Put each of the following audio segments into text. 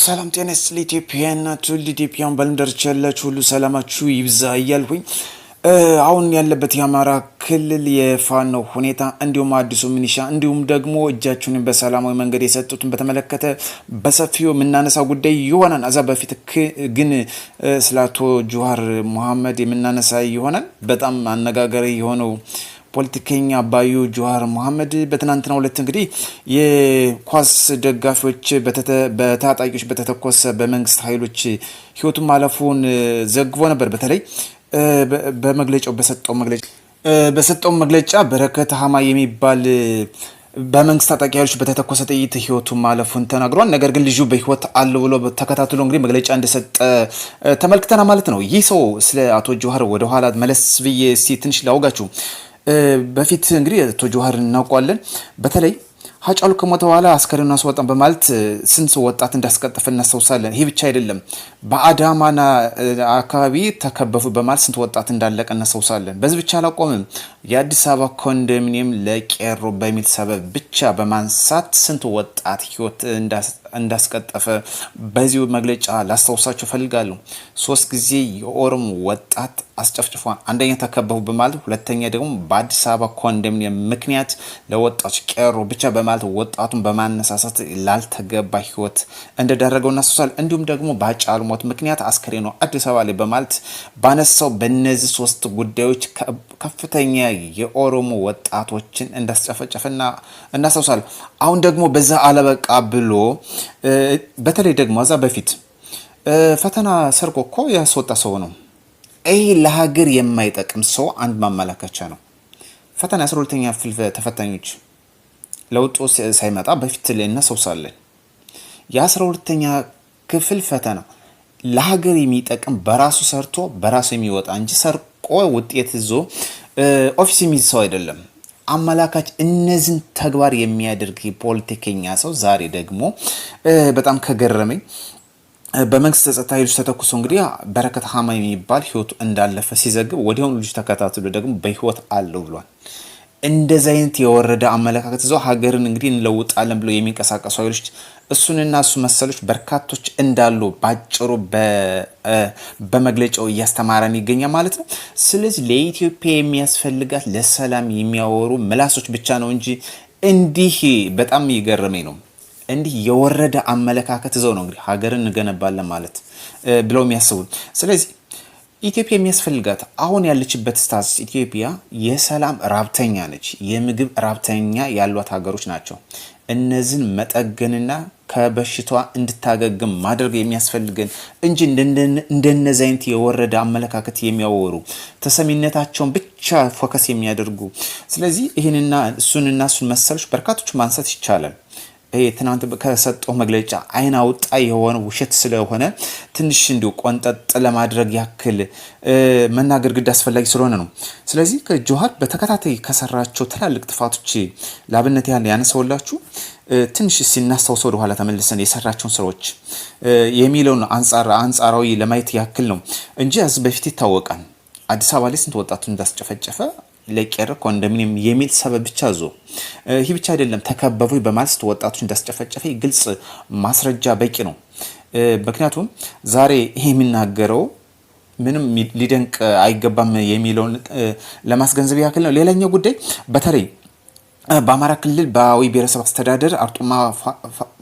ሰላም ጤነስ ለኢትዮጵያና ትውልድ ኢትዮጵያን በዓለም ዳርቻ ያላችሁ ሁሉ ሰላማችሁ ይብዛ እያልኩኝ አሁን ያለበት የአማራ ክልል የፋኖ ሁኔታ እንዲሁም አዲሱ ሚኒሻ እንዲሁም ደግሞ እጃችሁን በሰላማዊ መንገድ የሰጡትን በተመለከተ በሰፊው የምናነሳው ጉዳይ ይሆናል። አዛ በፊት ግን ስለ አቶ ጁሃር መሐመድ የምናነሳ ይሆናል። በጣም አነጋጋሪ የሆነው ፖለቲከኛ ባዩ ጀዋር መሐመድ በትናንትና ሁለት እንግዲህ የኳስ ደጋፊዎች በታጣቂዎች በተተኮሰ በመንግስት ኃይሎች ህይወቱን ማለፉን ዘግቦ ነበር። በተለይ በመግለጫው በሰጠው መግለጫ በሰጠው መግለጫ በረከት ሀማ የሚባል በመንግስት ታጣቂ ኃይሎች በተተኮሰ ጥይት ህይወቱ ማለፉን ተናግሯል። ነገር ግን ልጁ በህይወት አለ ብሎ ተከታትሎ እንግዲህ መግለጫ እንደሰጠ ተመልክተና ማለት ነው። ይህ ሰው ስለ አቶ ጀዋር ወደኋላ መለስ ብዬ እስኪ ትንሽ ላውጋችሁ። በፊት እንግዲህ ቶጆሀርን እናውቀዋለን በተለይ ሀጫሉ ከሞተ በኋላ አስከሬኑን አስወጣን በማለት ስንት ወጣት እንዳስቀጠፈ እናስታውሳለን። ይህ ብቻ አይደለም፣ በአዳማና አካባቢ ተከበፉ በማለት ስንት ወጣት እንዳለቀ እናስታውሳለን። በዚህ ብቻ አላቆምም። የአዲስ አበባ ኮንዶሚኒየም ለቄሮ በሚል ሰበብ ብቻ በማንሳት ስንት ወጣት ህይወት እንዳስቀጠፈ በዚሁ መግለጫ ላስታውሳቸው ፈልጋለሁ። ሶስት ጊዜ የኦሮሞ ወጣት አስጨፍጭፏል። አንደኛ ተከበፉ በማለት ሁለተኛ ደግሞ በአዲስ አበባ ኮንዶሚኒየም ምክንያት ለወጣቱ ቄሮ ብቻ በማለት ማለት ወጣቱን በማነሳሳት ላልተገባ ህይወት እንደደረገው እናስሳል። እንዲሁም ደግሞ በአጫሉ ሞት ምክንያት አስከሬኑ አዲስ አበባ ላይ በማለት ባነሳው በእነዚህ ሶስት ጉዳዮች ከፍተኛ የኦሮሞ ወጣቶችን እንዳስጨፈጨፈና እናስታውሳል። አሁን ደግሞ በዛ አለበቃ ብሎ በተለይ ደግሞ እዛ በፊት ፈተና ሰርቆ እኮ ያስወጣ ሰው ነው። ይህ ለሀገር የማይጠቅም ሰው አንድ ማመላከቻ ነው። ፈተና አስራ ሁለተኛ ክፍል ተፈታኞች ለውጡ ሳይመጣ በፊት ላይ እናስታውሳለን። የአስራ ሁለተኛ ክፍል ፈተና ለሀገር የሚጠቅም በራሱ ሰርቶ በራሱ የሚወጣ እንጂ ሰርቆ ውጤት ይዞ ኦፊስ የሚይዝ ሰው አይደለም። አመላካች እነዚህን ተግባር የሚያደርግ ፖለቲከኛ ሰው ዛሬ ደግሞ በጣም ከገረመኝ በመንግስት ጸጥታ ኃይሎች ተተኩሶ እንግዲህ በረከት ሀማ የሚባል ህይወቱ እንዳለፈ ሲዘግብ ወዲያውኑ ልጅ ተከታትሎ ደግሞ በህይወት አለው ብሏል። እንደዚ አይነት የወረደ አመለካከት ይዘው ሀገርን እንግዲህ እንለውጣለን ብለው የሚንቀሳቀሱ ኃይሎች እሱንና እሱ መሰሎች በርካቶች እንዳሉ ባጭሩ በመግለጫው እያስተማረን ይገኛል ማለት ነው። ስለዚህ ለኢትዮጵያ የሚያስፈልጋት ለሰላም የሚያወሩ ምላሶች ብቻ ነው እንጂ እንዲህ በጣም እየገረመኝ ነው። እንዲህ የወረደ አመለካከት ይዘው ነው እንግዲህ ሀገርን እንገነባለን ማለት ብለው የሚያስቡን ስለዚህ ኢትዮጵያ የሚያስፈልጋት አሁን ያለችበት ስታትስ ኢትዮጵያ የሰላም ራብተኛ ነች፣ የምግብ ራብተኛ ያሏት ሀገሮች ናቸው። እነዚህን መጠገንና ከበሽቷ እንድታገግም ማድረግ የሚያስፈልገን እንጂ እንደነዚህ አይነት የወረደ አመለካከት የሚያወሩ ተሰሚነታቸውን ብቻ ፎከስ የሚያደርጉ ስለዚህ ይህንና እሱንና እሱን መሰሎች በርካቶች ማንሳት ይቻላል። ትናንት ከሰጠው መግለጫ አይን አውጣ የሆነ ውሸት ስለሆነ ትንሽ እንዲሁ ቆንጠጥ ለማድረግ ያክል መናገር ግድ አስፈላጊ ስለሆነ ነው። ስለዚህ ከጀዋር በተከታታይ ከሰራቸው ትላልቅ ጥፋቶች ላብነት ያህል ያነሰውላችሁ ትንሽ ሲናስታውሰ ወደ ኋላ ተመልሰን የሰራቸውን ስራዎች የሚለውን አንጻራዊ ለማየት ያክል ነው እንጂ አዝ በፊት ይታወቃል አዲስ አበባ ላይ ስንት ወጣቱ እንዳስጨፈጨፈ ለቅ ያደረግ ኮንዶሚኒየም የሚል ሰበብ ብቻ ዞ ይህ ብቻ አይደለም ተከበቡ በማለት ወጣቶች እንዳስጨፈጨፈ ግልጽ ማስረጃ በቂ ነው። ምክንያቱም ዛሬ ይሄ የሚናገረው ምንም ሊደንቅ አይገባም የሚለውን ለማስገንዘብ ያክል ነው። ሌላኛው ጉዳይ በተለይ በአማራ ክልል በአዊ ብሔረሰብ አስተዳደር አርጡማ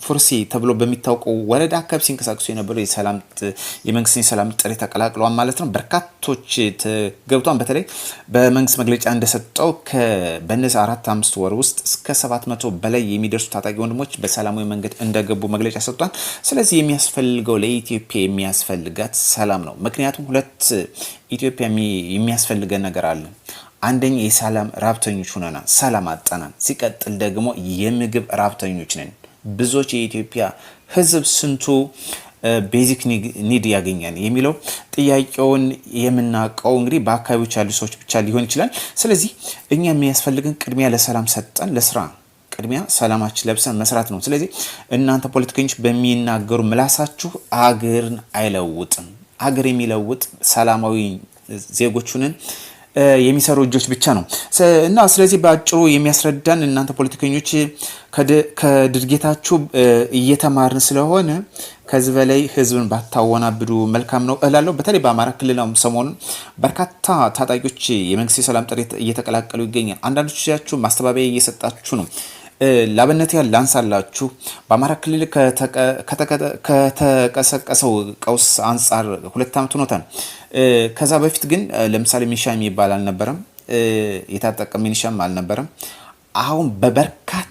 ፉርሲ ተብሎ በሚታወቀው ወረዳ አካባቢ ሲንቀሳቀሱ የነበሩ የመንግስትን የሰላም ጥሪ ተቀላቅለዋል ማለት ነው። በርካቶች ገብቷን በተለይ በመንግስት መግለጫ እንደሰጠው በነዚህ አራት አምስት ወር ውስጥ እስከ ሰባት መቶ በላይ የሚደርሱ ታጣቂ ወንድሞች በሰላማዊ መንገድ እንደገቡ መግለጫ ሰጥቷል። ስለዚህ የሚያስፈልገው ለኢትዮጵያ የሚያስፈልጋት ሰላም ነው። ምክንያቱም ሁለት ኢትዮጵያ የሚያስፈልገን ነገር አለ አንደኛ የሰላም ራብተኞች ሆነናል፣ ሰላም አጠናን። ሲቀጥል ደግሞ የምግብ ራብተኞች ነን። ብዙዎች የኢትዮጵያ ህዝብ ስንቱ ቤዚክ ኒድ ያገኛል የሚለው ጥያቄውን የምናውቀው እንግዲህ በአካባቢዎች ያሉ ሰዎች ብቻ ሊሆን ይችላል። ስለዚህ እኛ የሚያስፈልገን ቅድሚያ ለሰላም ሰጠን ለስራ ቅድሚያ ሰላማችን ለብሰን መስራት ነው። ስለዚህ እናንተ ፖለቲከኞች በሚናገሩ ምላሳችሁ አገርን አይለውጥም። አገር የሚለውጥ ሰላማዊ ዜጎቹንን የሚሰሩ እጆች ብቻ ነው እና ስለዚህ በአጭሩ የሚያስረዳን እናንተ ፖለቲከኞች ከድርጊታችሁ እየተማርን ስለሆነ ከዚህ በላይ ህዝብን ባታወናብዱ መልካም ነው እላለሁ። በተለይ በአማራ ክልል ሰሞኑን በርካታ ታጣቂዎች የመንግስት የሰላም ጥሪ እየተቀላቀሉ ይገኛል። አንዳንዶቻችሁ ማስተባበያ እየሰጣችሁ ነው። ላብነት ያህል ላንሳላችሁ። በአማራ ክልል ከተቀሰቀሰው ቀውስ አንጻር ሁለት ዓመት ሆኖታል። ከዛ በፊት ግን ለምሳሌ ሚኒሻ የሚባል አልነበረም፣ የታጠቀ ሚኒሻም አልነበረም። አሁን በበርካታ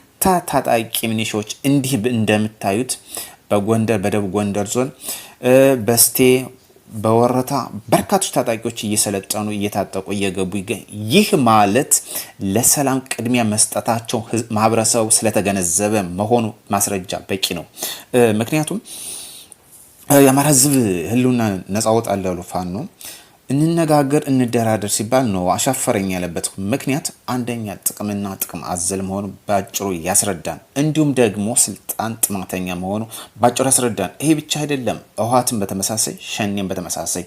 ታጣቂ ሚኒሻዎች እንዲህ እንደምታዩት በጎንደር በደቡብ ጎንደር ዞን በስቴ በወረታ በርካቶች ታጣቂዎች እየሰለጠኑ እየታጠቁ እየገቡ ይገኝ። ይህ ማለት ለሰላም ቅድሚያ መስጠታቸው ማህበረሰቡ ስለተገነዘበ መሆኑ ማስረጃ በቂ ነው። ምክንያቱም የአማራ ህዝብ ህልውና ነጻ ወጣ ያሉ ፋኖ እንነጋገር፣ እንደራደር ሲባል ነው አሻፈረኝ ያለበት ምክንያት አንደኛ ጥቅምና ጥቅም አዘል መሆኑ ባጭሩ ያስረዳን፣ እንዲሁም ደግሞ ስልጣን ጥማተኛ መሆኑ ባጭሩ ያስረዳን። ይሄ ብቻ አይደለም፣ ህወሓትን በተመሳሳይ ሸኔን በተመሳሳይ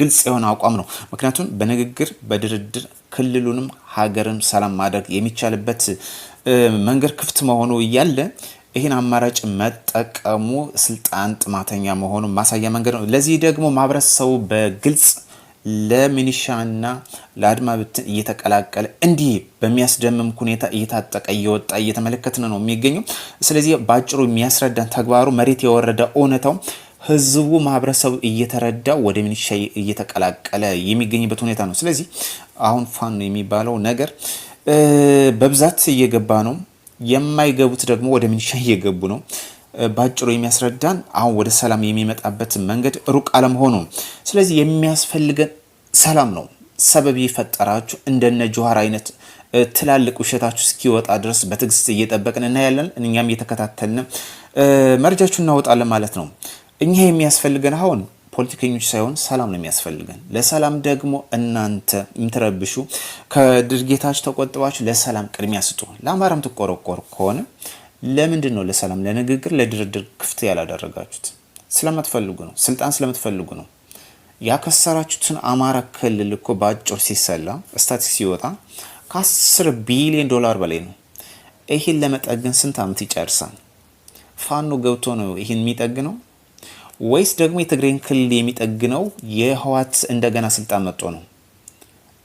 ግልጽ የሆነ አቋም ነው። ምክንያቱም በንግግር በድርድር ክልሉንም ሀገርን ሰላም ማድረግ የሚቻልበት መንገድ ክፍት መሆኑ እያለ ይህን አማራጭ መጠቀሙ ስልጣን ጥማተኛ መሆኑ ማሳያ መንገድ ነው። ለዚህ ደግሞ ማህበረሰቡ በግልጽ ለሚኒሻና ለአድማ ብትን እየተቀላቀለ እንዲህ በሚያስደምም ሁኔታ እየታጠቀ እየወጣ እየተመለከትን ነው የሚገኘው። ስለዚህ በአጭሩ የሚያስረዳን ተግባሩ መሬት የወረደ እውነታው ህዝቡ ማህበረሰቡ እየተረዳ ወደ ሚኒሻ እየተቀላቀለ የሚገኝበት ሁኔታ ነው። ስለዚህ አሁን ፋኖ የሚባለው ነገር በብዛት እየገባ ነው። የማይገቡት ደግሞ ወደ ሚኒሻ እየገቡ ነው። ባጭሩ የሚያስረዳን አሁን ወደ ሰላም የሚመጣበት መንገድ ሩቅ አለመሆኑ። ስለዚህ የሚያስፈልገን ሰላም ነው። ሰበብ የፈጠራችሁ እንደነ ጆሀር አይነት ትላልቅ ውሸታችሁ እስኪወጣ ድረስ በትዕግስት እየጠበቅን እናያለን። እኛም እየተከታተልን መረጃችሁ እናወጣለን ማለት ነው። እኛ የሚያስፈልገን አሁን ፖለቲከኞች ሳይሆን ሰላም ነው የሚያስፈልገን። ለሰላም ደግሞ እናንተ የምትረብሹ ከድርጊታችሁ ተቆጥባችሁ ለሰላም ቅድሚያ ስጡ። ለአማራም ትቆረቆር ከሆነ ለምንድን ነው ለሰላም፣ ለንግግር፣ ለድርድር ክፍት ያላደረጋችሁት? ስለምትፈልጉ ነው። ስልጣን ስለምትፈልጉ ነው። ያከሰራችሁትን አማራ ክልል እኮ በአጭር ሲሰላ ስታቲስቲክስ ሲወጣ ከ10 ቢሊዮን ዶላር በላይ ነው። ይህን ለመጠገን ስንት ዓመት ይጨርሳል? ፋኖ ገብቶ ነው ይህን የሚጠግነው ወይስ ደግሞ የትግሬን ክልል የሚጠግነው የህዋት እንደገና ስልጣን መጥቶ ነው?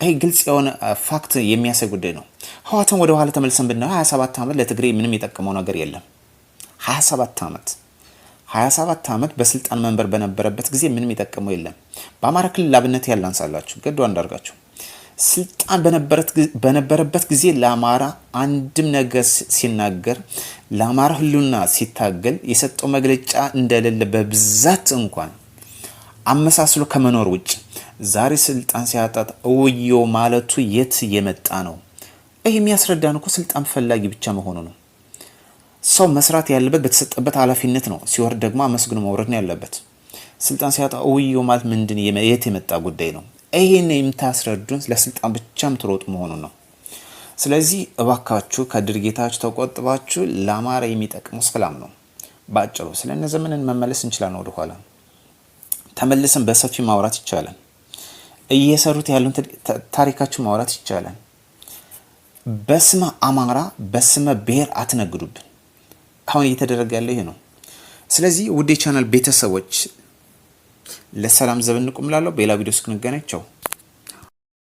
ይህ ግልጽ የሆነ ፋክት የሚያሳይ ጉዳይ ነው። ህዋትን ወደ ኋላ ተመልሰን ብናየው 27 ዓመት ለትግሬ ምንም የጠቀመው ነገር የለም። 27 ዓመት 27 ዓመት በስልጣን መንበር በነበረበት ጊዜ ምንም የጠቀመው የለም። በአማራ ክልል ላብነት ያላንሳላችሁ ገዱ አንዳርጋቸው ስልጣን በነበረበት ጊዜ ለአማራ አንድም ነገር ሲናገር ለአማራ ህሉና ሲታገል የሰጠው መግለጫ እንደሌለ በብዛት እንኳን አመሳስሎ ከመኖር ውጭ ዛሬ ስልጣን ሲያጣት እውዮ ማለቱ የት የመጣ ነው? ይህ የሚያስረዳን እኮ ስልጣን ፈላጊ ብቻ መሆኑ ነው። ሰው መስራት ያለበት በተሰጠበት ኃላፊነት ነው። ሲወርድ ደግሞ አመስግኖ መውረድ ነው ያለበት። ስልጣን ሲያጣ እውዮ ማለት ምንድን የት የመጣ ጉዳይ ነው? ይህን የምታስረዱን ለስልጣን ብቻ የምትሮጡ መሆኑ ነው። ስለዚህ እባካችሁ ከድርጊታችሁ ተቆጥባችሁ ለአማራ የሚጠቅመው ሰላም ነው። በአጭሩ ስለነ ዘመንን መመለስ እንችላለን። ወደኋላ ተመልሰን በሰፊ ማውራት ይቻላል። እየሰሩት ያሉን ታሪካችሁ ማውራት ይቻላል። በስመ አማራ በስመ ብሔር አትነግዱብን። አሁን እየተደረገ ያለው ይሄ ነው። ስለዚህ ውድ የቻናል ቤተሰቦች ለሰላም ዘብ እንቁም እላለሁ። በሌላ ቪዲዮ እስክንገናኝ ቻው።